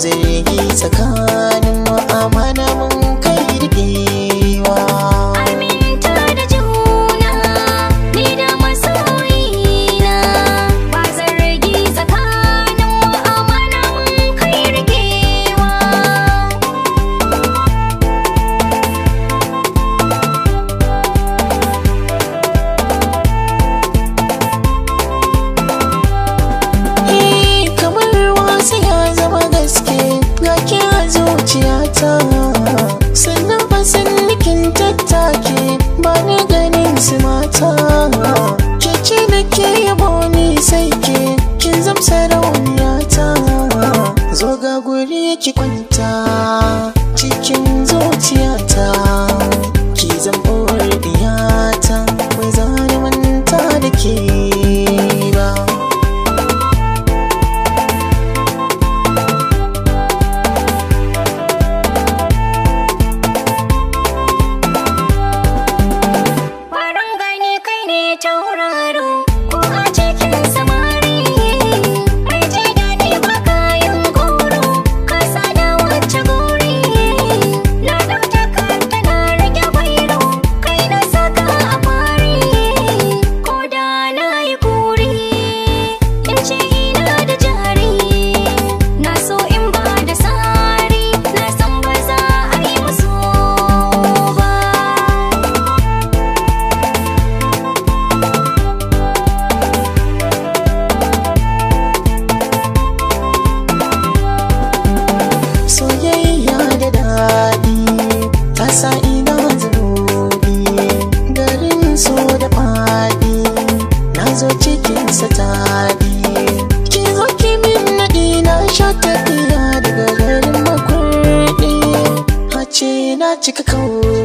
zirgi tsakanin Kici da ke ya ni sai ke kin zamsa rauniya ta zo ga guri ki kwanta cikinsa ta biyu ki min naɗi na sha tafiya daga garin makurɗi hace na cika kawai